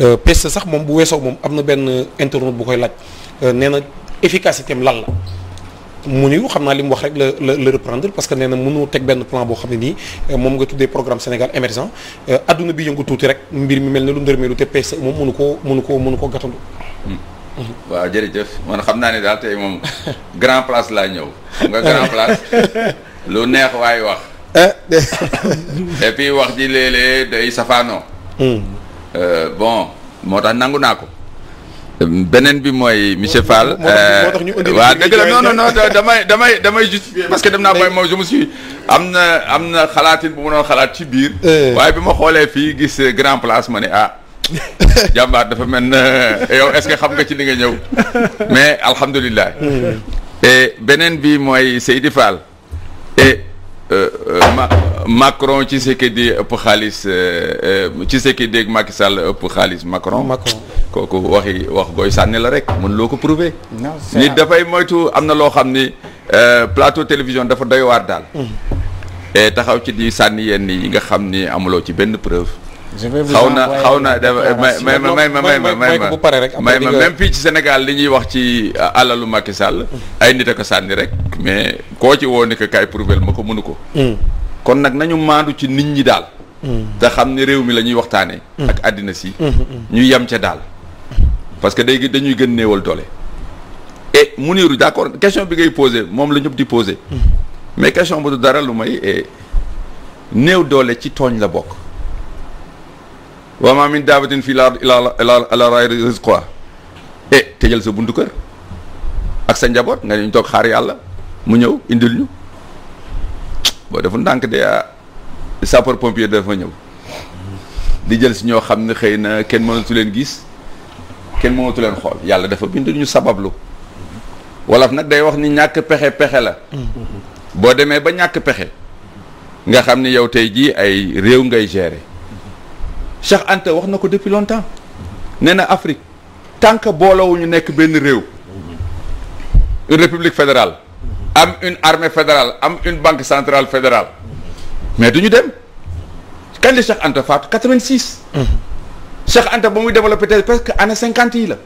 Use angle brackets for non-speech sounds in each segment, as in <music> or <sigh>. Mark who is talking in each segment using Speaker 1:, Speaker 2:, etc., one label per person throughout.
Speaker 1: Euh, peste sax moom bu weesoo moom am na benn internaute bu koy laaj euh, nee na efficacité am lan la mu ñu xam naa li mu wax rek la la la reprendre parce que nee na mënu teg benn plan boo xam ne nii euh, moom nga tuddee programme Sénégal émergent adduna bi yëngu tuuti rek mbir mi mel ne lu ndërmee lu te peste moom mënu koo mënu koo mënu koo gàttandu. Hmm. Hmm. waaw jërëjëf man xam naa ne daal tey moom grand place laa ñëw xam nga grand place lu neex waaye wax. et wax ji léeg-léeg day safaanoo. Hmm. Euh, bon moo tax nangu naa ko. beneen bi mooy monsieur Fall. Euh, waa dëgg la non non non damay damay damay justifier parce que dem naa bay moom je me suis am na am na xalaatin bu ma doon xalaat ci biir. Euh. waaye bi ma xoolee fii gis grand place ma ne ah. <laughs> jàmbaar dafa mel na yow est-ce que xam nga ci li nga ñëw mais alhamdulilah. beneen bi mooy Seydi Fall. Euh, euh, Macron ci Tshisekedi ëpp xaalis euh, ci Tshisekedi ak Macky Sall ëpp xaalis Macron. Macron kooku waxi wax gooy sànni la rek mën loo ko prouver. nit dafay moytu am na loo xam ni plateau télévision dafa doy waar daal. Mm. taxaw ci di sànni yenn yi nga xam ni amuloo ci benn preuve. je vais vous envoyer xaw na xaw na may ma may ma may ma may ma bu pare rek may ma même fii ci Sénégal li ñuy wax ci euh, alalu Macky Sall. ay nit a ko sànni rek. mais koo ci woo ne que kaay prouver ma ko mënu ko. Hmm. kon nag nañu maandu ci nit ñi daal. Hmm. te xam ne réew mi la ñuy waxtaanee. Hmm. ak àddina si. ñu yem ca daal. parce que day dañuy gën néewal doole. et Mounirou d'accord question bi ngay posé moom la ñëpp di posé. mais question bu du dara lu may néew doole ci tooñ la bokk. wa ma min daabatin fii laa ilaa ala ghayri rizqiha e eh, tëjal sa buntu kër ak sa njaboot nga ñu toog xaar yàlla mu ñëw indil ñu boo defu ndànk de ah, sapeur pompier dafa ñëw di jël si ñoo xam ne xëy na kenn mënatu leen gis kenn mënatu leen xool yàlla dafa bind ñu sabablu wolof nag day wax ni ñàkk pexe pexe la boo demee ba ñàkk pexe nga xam ni yow tey jii ay réew ngay gérer Cheikh Anta wax na ko depuis longtemps nee na Afrique tant que boolowuñu nekk benn réew une république fédérale am une armée fédérale am une banque centrale fédérale mais duñu dem kañ la Cheikh Anta faatu 86. Cheikh Anta ba muy développé tey que année cinquante yi la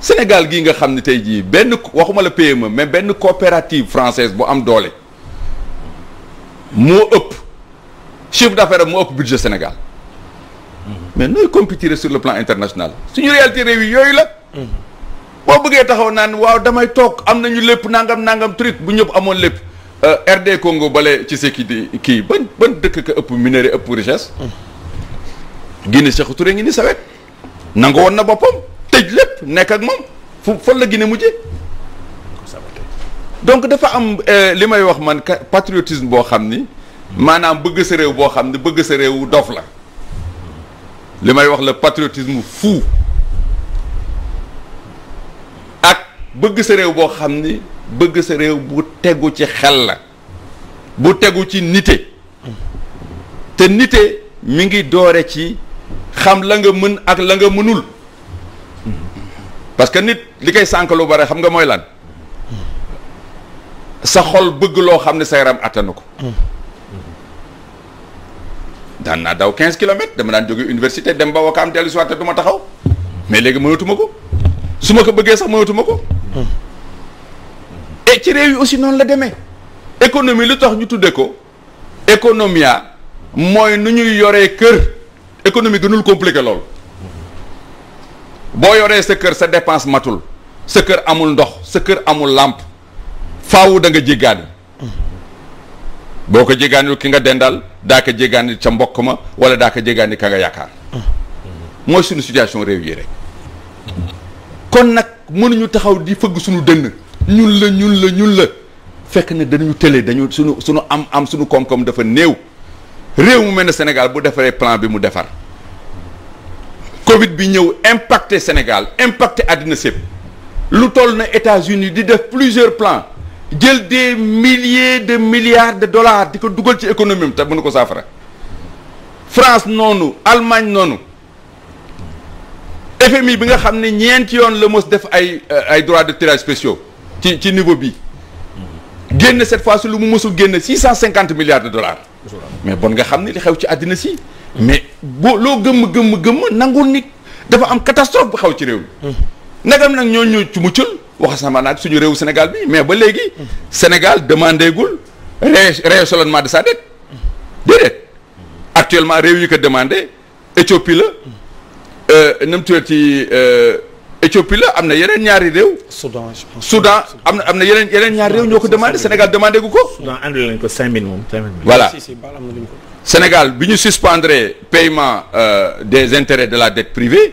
Speaker 1: Sénégal gii nga xam ne tey jii benn waxuma la PME mais benn coopérative française bu am doole moo ëpp. chiffre d'affaires am moo ëpp budget Sénégal mais nooy compétir sur le plan international suñu réalité réew yi yooyu la boo bëggee taxaw naan waaw damay toog am nañu lépp nangam nangam truc bu ñëpp amoon lépp euh, RD Congo bale ci sekki di kii ba ban dëkk ka ëpp minerai ëpp richesse Guinée Sékou Touré ngi ni sawet nangu woon na boppam tëj lépp nekk ak moom foofu fan la Guinée mujjee donc dafa am euh, li may wax man patriotisme boo xam ni maanaam bëgg sa réew boo xam ne bëgg sa réew dof la li may wax la patriotisme fou ak bëgg sa réew boo xam ni bëgg sa réew bu tegu ci xel la bu tegu ci nite te nite mi ngi doore ci xam la nga mën ak la nga mënul parce que nit li kay sànq lu bare xam nga mooy lan sa xol bëgg loo xam ne sa yaram attanu ko daan naa daw 15 kilomètres dama daan jóge université dem ba wakaam dellu si waat te du ma taxaw mais léegi mënatuma ko su ma ko bëggee sax mënatuma ko. et ci réew yi aussi noonu la demee. économie lu tax ñu tuddee ko. économia mooy nu ñuy yoree kër. économie gënul compliqué lool. boo yoree sa kër sa dépense matul. sa kër amul ndox sa kër amul làmp faawu da nga jéggaani. boo ko jéggaanil ki nga dendal daa ko jéggaanil ca mbokk ma wala daa ko jéggaanil ka nga yaakaar mooy suñu situation réew yi rek kon nag mënuñu taxaw di fëgg suñu dënn ñun la ñun la ñun la fekk ne danañu tële dañu suñu suñu am am suñu koom-koom dafa néew réew mu mel ne Sénégal bu defaree plan bi mu defar Covid bi ñëw impacté Sénégal impacté àddina sépp lu toll na États-Unis di def plusieurs plan jël des milliers de milliards de dollars di ko dugal ci économie am te mënu ko saafara France noonu Allemagne noonu FMI bi nga xam ne ñeenti yoon la mos def ay euh, ay droits de tirage spéciaux ci ci niveau bi génn cette fois ci lu mu mosul génn six cent cinquante milliards de dollars mais bon nga xam ne li xew ci àddina si mais boo loo gëmm gëmm gëmm nangul nit dafa am catastrophe bu xew ci réew mi hmm. nagam nag ñoo ñëw ci muccul waxasama naag suñu réew Sénégal bi mais ba léegi Sénégal demandé gul rééchelonnement de sa dette déedéet actuellement réew yi ko demandé Éthiopie la euh, nam tuddee ci euh, Éthiopie la am na yeneen ñaari réew. Soudan je pense am na am na yeneen yeneen ñaari réew ñoo ko demandé Sénégal demandé gu ko. Soudan andi ko 5000 moom. 5000 voilà Sénégal bi ñu suspendre paiement euh, des intérêts de la dette privée.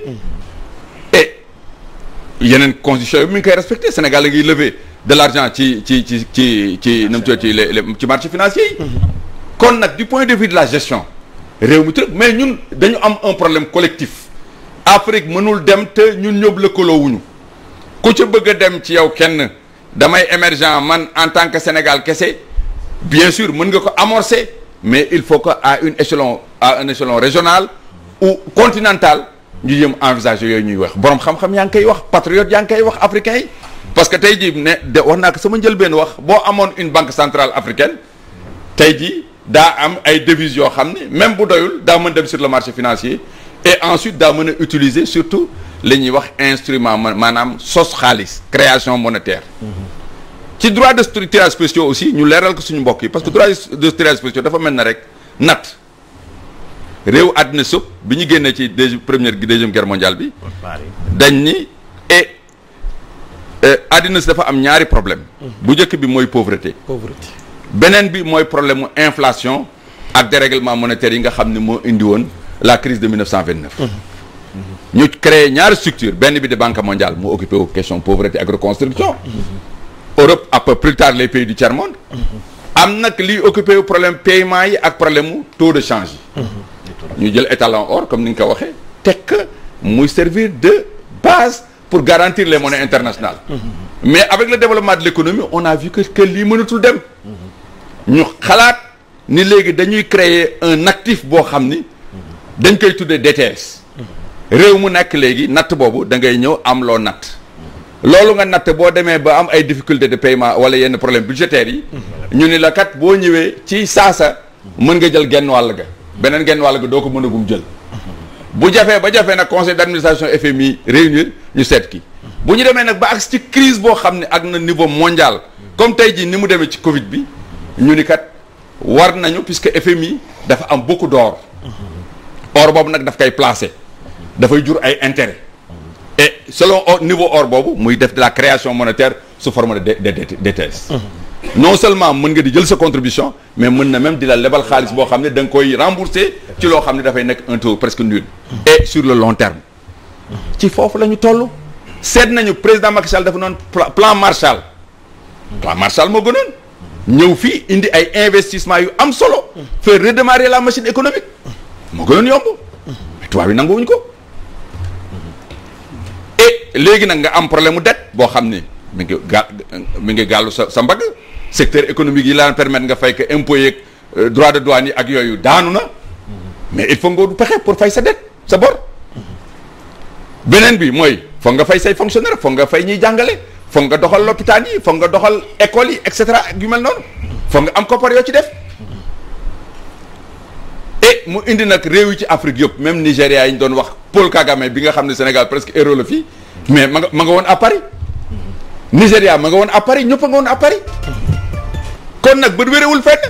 Speaker 1: yeneen constitution yi mu ngi koy respecté Sénégal la ngi lever de l'argent ci ci ci ci ci nam tuddee ci les ci marché financier yi mhm. kon nag du point de vue de la gestion réew mi mais ñun dañu am un problème collectif Afrique mënul dem te ñun ñëpp lëkkaloowuñu ku ci bëgg a dem ci yow kenn damay émergent man en tant que Sénégal kese bien sûr mën nga ko amorcer mais il faut que à une échelon à un échelon régional ou continental ñu jëm envisager yooyu ñuy wax borom xam-xam yaa ngi koy wax patriote yaa ngi koy wax africain yi parce que tey jii ne de wax naa ko sama njëlbeen wax boo amoon une banque centrale africaine tey jii daa am ay devises yoo xam ne même bu doyul daa mën dem sur le marché financier et ensuite daa mën a utiliser surtout li ñuy wax instrument maanaam sos xaalis création monétaire ci droit de tirage spéciaux aussi ñu leeral ko suñu mbokk yi parce que droit de dafa mel na rek nat réew àddina sëpp bi ñu génnee ci deuxième première deuxième guerre mondiale bi dañ ni et àddina si dafa am ñaari problème mm-hmm. bu njëkk bi mooy pauvreté pauvreté beneen bi mooy problème mu inflation ak dérèglement monétaire yi nga xam ne moo indi woon la crise de 1929 mm-hmm. mm-hmm. ñu créé ñaari structure benn bi de banque mondiale mu occupé wu question pauvreté ak reconstruction Europe après plus tard les pays du tiers am nag liy occupé problème paiement yi ak problème mu taux de change ñu jël étalon or comme ni nga ko waxee tekk muy servir de base pour garantir les monnaies international mm-hmm. mais avec le développement de l'économie on a vu que lii mënatul dem
Speaker 2: mm-hmm.
Speaker 1: ñu xalaat ni léegi dañuy créer un actif boo xam ni mm-hmm. dañ koy tuddee DTS réew mu nakk léegi natt boobu dangay ñëw am loo natt loolu nga natt boo demee ba am ay difficultés de paiement wala yenn problème budgétaires yi ñu ni la kat boo ñëwee ci saasa mën nga jël genn wàll ga beneen genn wàll gi doo ko mën a gum jël bu jafee ba jafee nag conseil d'administration FMI réunir ñu seet ki bu ñu demee nag ba agsi ci crise boo xam ne ak na niveau mondial comme tey jii ni mu demee ci Covid bi ñu ni kat war nañu puisque FMI dafa am beaucoup d'or or boobu nag daf koy placer dafay jur ay intérêt et selon niveau or boobu muy def de la création monétaire sous forme de DTS non seulement mën nga di jël sa contribution mais mën na même di la lebal xaalis boo xam ne da koy rembourser ci loo xam ne dafay nekk un taux presque nul. et sur le long terme. ci foofu la ñu toll. seet nañu président Macky Sall dafa noonu plan Marshall. plan Marshall moo gënoon. ñëw fii indi ay investissement yu am solo. faire redémarrer la machine économique. moo gënoon yomb. mais tubaab yi nanguwuñ ko. et léegi nag nga am problème mu dette boo xam ne mi ngi ga mi ngi gàllu sa sa mbagg. secteur économique yi laan permettre nga fay que impôt yeeg euh, droit de douane yi ak yooyu daanu na mais il faut nga du pour fay sa dette sa bor beneen bi mooy foog nga fay say fonctionnaire foog nga fay ñiy jàngale foog nga doxal lopitaan yi foog nga doxal école yi et ak yu mel noonu foog nga am koppar yoo ci def et mu indi nag réew yi ci Afrique yëpp même Nigéria yi ñu doon wax Paul Kagame bi nga xam ne Sénégal presque héros la fii mais ma nga ma nga woon à Paris Nigéria ma nga woon à Paris ñëpp a à Paris kon nag ba wérewul fekk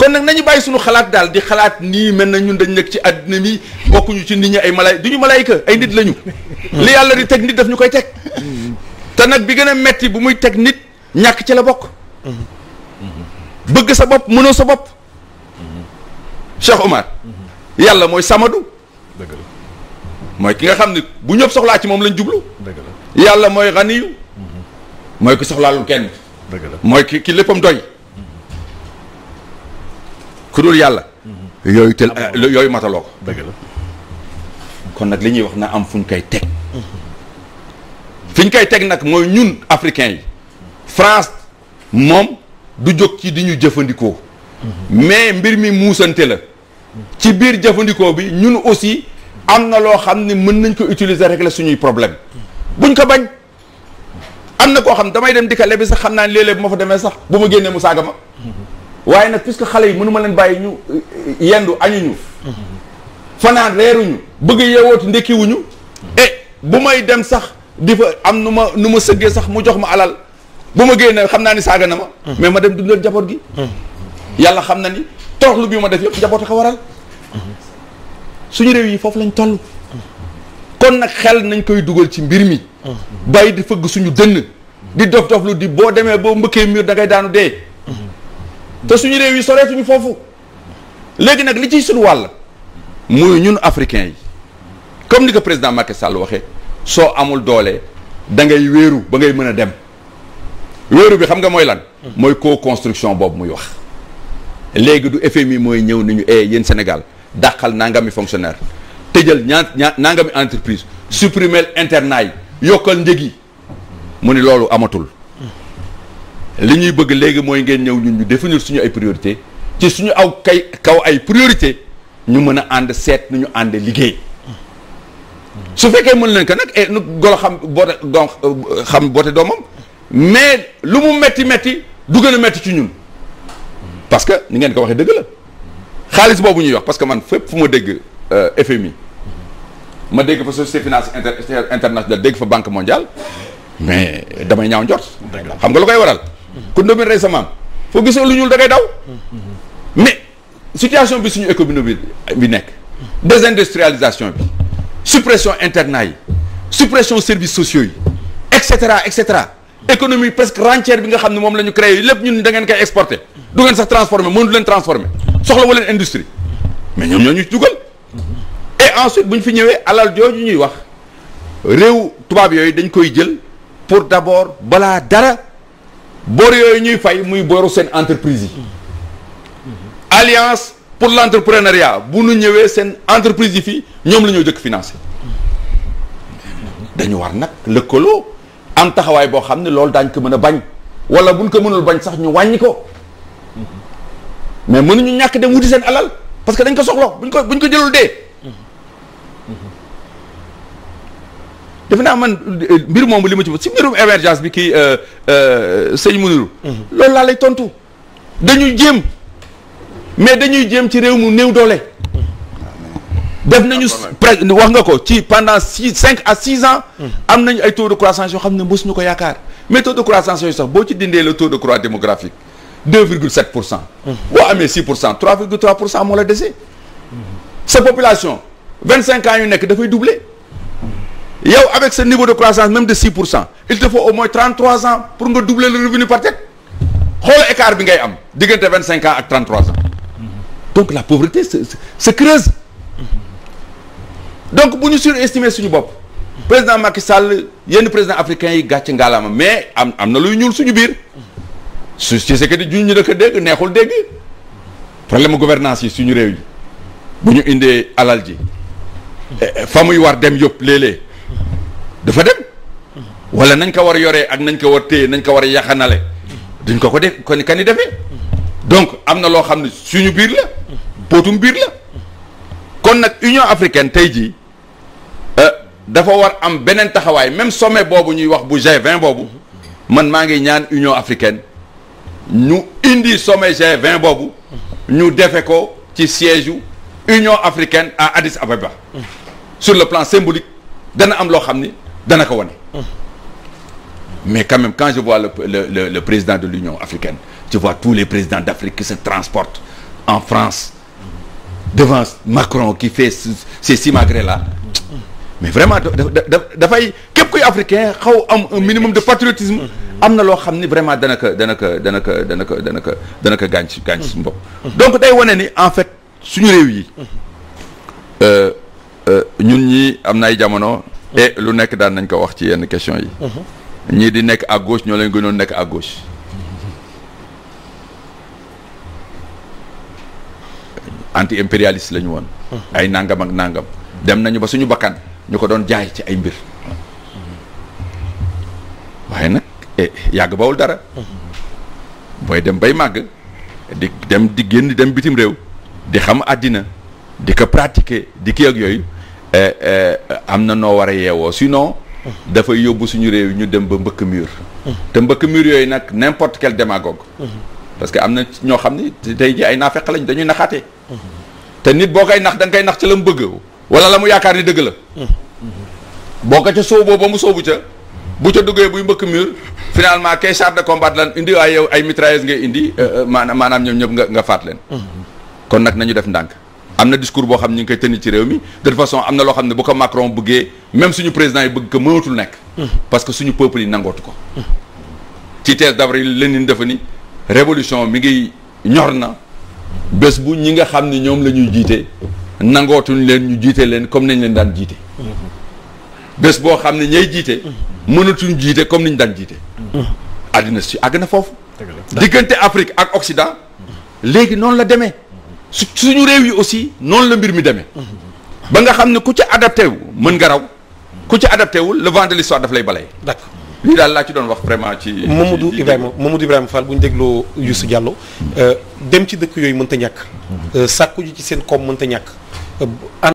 Speaker 1: kon nag nañu bàyyi suñu xalaat daal di xalaat nii mel na ñun dañ nekk ci àddina mi bokkuñu ci nit ñi ay malaay du ñu malaayka ay nit lañu. li yàlla di teg nit daf ñu koy teg. te nag bi gën a metti bu muy teg nit ñàkk ci la bokk. bëgg sa bopp mënoo sa bopp. Cheikh Omar. yàlla mooy samadu. dëgg mooy ki nga xam ne bu ñëpp soxlaa ci moom lañ jublu. yàlla mooy xaniyu. mooy ki soxlaalul kenn. mooy ki ki léppam doy. ku dul yàlla. yooyu tel eh, yooyu mataloo ko. kon nag li ñuy wax na am fu ñu koy teg. fi ñu koy teg nag mooy ñun africains yi. France moom du jóg ci di ñu jëfandikoo. mais mbir mi muusante la. ci biir jëfandikoo bi ñun aussi am na loo xam ne mën nañ ko utiliser régler suñuy problème buñ ko bañ. am na koo xam damay dem di ka lebi sax xam naa ne léeg-léeg bu ma fa demee sax bu ma génnee mu saaga ma waaye nag puisque xale yi mënu ma leen bàyyi ñu euh, yendu añuñu fanaan reeruñu bëgg yeewooti ndekkiwuñu eh, bu may dem sax di fa am nu ma nu ma sëggee sax mu jox ma alal bu ma génnee xam naa ni saaga na ma mais ma dem dundal jaboot gi yàlla xam na ni toroxlu bi ma def yëpp njaboot a ko waral suñu réew yi foofu lañ toll kon nag xel nañ koy dugal ci mbir mi bàyyi di fëgg suñu dënn di dof dof lu di boo demee boo mbëkkee miir da ngay daanu dee te suñu réew yi soreetuñu foofu léegi nag li ciy suñu wàll muy ñun africains yi comme ni ko président Macky Sall waxee soo amul doolee da ngay wéeru ba ngay mën a dem wéeru bi xam nga mooy lan mooy co-construction boobu muy wax léegi du FMI mooy ñëw ni ñu ee eh, yéen Sénégal dàqal nangami fonctionnaire tëjal ñaar ñaar nangami entreprise supprimer internat yi yokkal njëg yi mu ni loolu amatul li ñuy bëgg léegi mooy ngeen ñëw ñun ñu définir suñu ay priorité ci suñu aw kay kaw ay priorité ñu mën a ànd seet nu ñu ànd liggéey su fekkee mën leen ko nag e nu golo xam boote donc euh, xam boote doomam mais lu mu metti metti du gën a metti ci ñun parce que ni ngeen ko waxee dëgg la xaalis boobu ñu wax parce que man fépp fu ma dégg euh, FMI ma dégg fa société finance internationale dégg fa banque mondiale mais damay ñaaw njort xam nga lu koy waral ku ndomin rey sa maam foo gisoo lu ñuul dangay daw mais situation bi suñu économie bi bi nekk désindustrialisation bi suppression internat yi suppression services sociaux yi et cetera et cetera économie presque rentière bi nga xam ne moom la ñu créé lépp ñun da ngeen koy exporté du ngeen sax transformé mënu leen transformé soxla wa leen industrie mais ñoom ñoo ñu dugal ensuite bu ñu fi ñëwee alal jooju ñuy wax réew tubaab yooyu dañ koy jël pour d'abord balaa dara bor yooyu ñuy fay muy boru seen entreprise yi alliance pour l'entrepreneuriat bu ñu ñëwee seen entreprise yi fii ñoom la ñoo jëkk financé dañu war nag lëkkaloo am taxawaay boo xam ne loolu daañ ko mën a bañ wala buñ ko mënul bañ sax ñu wàññi ko mais mënuñu ñàkk dem wuti seen alal parce que dañ ko soxla buñ ko bu buñ ko jëlul dee defe naa man mbir moomu li ma ci si mbirum émergence bi kii euh, euh, sëñ Mounirou mhm. loolu laa tontu dañuy jéem mais dañuy jéem ci réew mu new doole def nañu presque wax nga ko ci pendant six cinq à six ans mhm. am nañu ay taux de croissance yoo xam ne mosuñu ko yaakaar mais taux de croissance yooyu sax boo ci dindee le taux de croissance démographique deux pour cent mhm. boo amee six pour cent trois virgule trois pour cent moo la dese sa population vingt cinq ans yu nekk dafay doubler yow avec ce niveau de croissance même de 6 pour il te faut au moins 33 ans pour nga doubler le revenu par tête xool écart bi ngay am diggante 25 ans ak 33 ans donc la pauvreté se se creuse donc bu ñu surestimer suñu bopp président Macky Sall yenn président africain yi gàcce ngaalaama mais am am na luy ñuul suñu biir su ci ce que ñu ñu dëkk dégg neexul dégg problème gouvernance yi suñu réew yi bu ñu indee alal ji eh, eh, fa muy war dem yëpp léeg dafa dem wala nañ ko war a yoree ak nañ ko war téye nañ ko war a yaxanale duñ ko ko def kon kan ni defee donc am na loo xam ne suñu biir la bootum biir la kon nag Union africaine tey jii euh, dafa war am beneen taxawaay même sommet boobu ñuy wax bu G20 boobu man maa ngi ñaan Union africaine ñu indi sommet g vingt boobu ñu defe ko ci siège Union africaine à Addis Abeba sur le plan symbolique dana am loo xam ni dana ko wane. mais quand même quand je vois le le le, le président de l'Union africaine je vois tous les présidents d'Afrique qui se transportent en France devant Macron qui fait ces simagrées là mais vraiment dafay képp kuy africain xaw am un minimum de patriotisme am na loo xam ni vraiment dana ko dana ko dana ko dana ko dana ko dana ko gaañ ci gaañ ci donc day wane ni en fait suñu réew yi euh, euh, ñun ñi am na ay jamono et lu nekk daan nañ ko wax ci yenn question yi. Mhm. ñii di nekk à ñoo leen gënoon nekk à gauche. Mhm. anti impérialiste lañu woon. Mhm. ay nangam ak nàngam dem nañu ba suñu bakkan ñu ko doon jaay ci ay mbir. waaye nag eh, yàgg bawul dara. booy dem bay màgg. di dem di génn dem bitim réew. di xam àddina. di ko pratiquer di kii ak yooyu. Eh, eh, am na noo war a yeewoo sinon. dafay yóbbu suñu réew yi ñu dem ba mbëkk mur. te mbëkk mur yooyu nag n'importe quel démagogue. parce que am na ñoo xam ni tey ji ay naafeq lañ dañuy naxaatee. te nit boo koy nax danga koy nax ci la mu bëgg. wala la mu yaakaar ni dëgg la. boo ko ca sóoboo ba mu soobu ca. bu ca duggee buy mbëkk mur finalement kay char de combat lan indi waaye yow ay mitrailleuse ngay indi euh, euh, maanaam ñoom ñëpp nga nga faat leen. Mm-hmm. kon nag nañu def ndànk. am na discours boo xam ne ñu ngi koy tenir ci réew mi de toute façon am na loo xam ne bu ko Macron bëggee même suñu président yi bëgg ko mënatul nekk. parce que suñu peuple yi nangootu ko. ci thèse d'avril Lénine dafa révolution mi ngi ñor na bés bu ñi nga xam ni ñoom la ñuy jiite nangootuñ leen ñu jiite leen comme nañ leen daan jiite. bés boo xam ne ñay jiite. mënatuñ jiite comme niñ daan jiite. àddina si àgg na foofu. diggante Afrique ak Occident. léegi noonu la demee. su suñu réew yi aussi noonu la mbir mi demee ba nga xam ne ku ci adapté wu mën nga raw ku ci adapté wul le vent de l'histoire daf lay balay d'accord lii daal laa ci doon wax vraiment ci Mamadou Ibrahima Mamadou Ibrahima Fall bu ñu dégloo Youssou Diallo euh, dem ci dëkk yooyu mënta ñàkk euh, sàkku ji ci seen koom mënta ñàkk euh,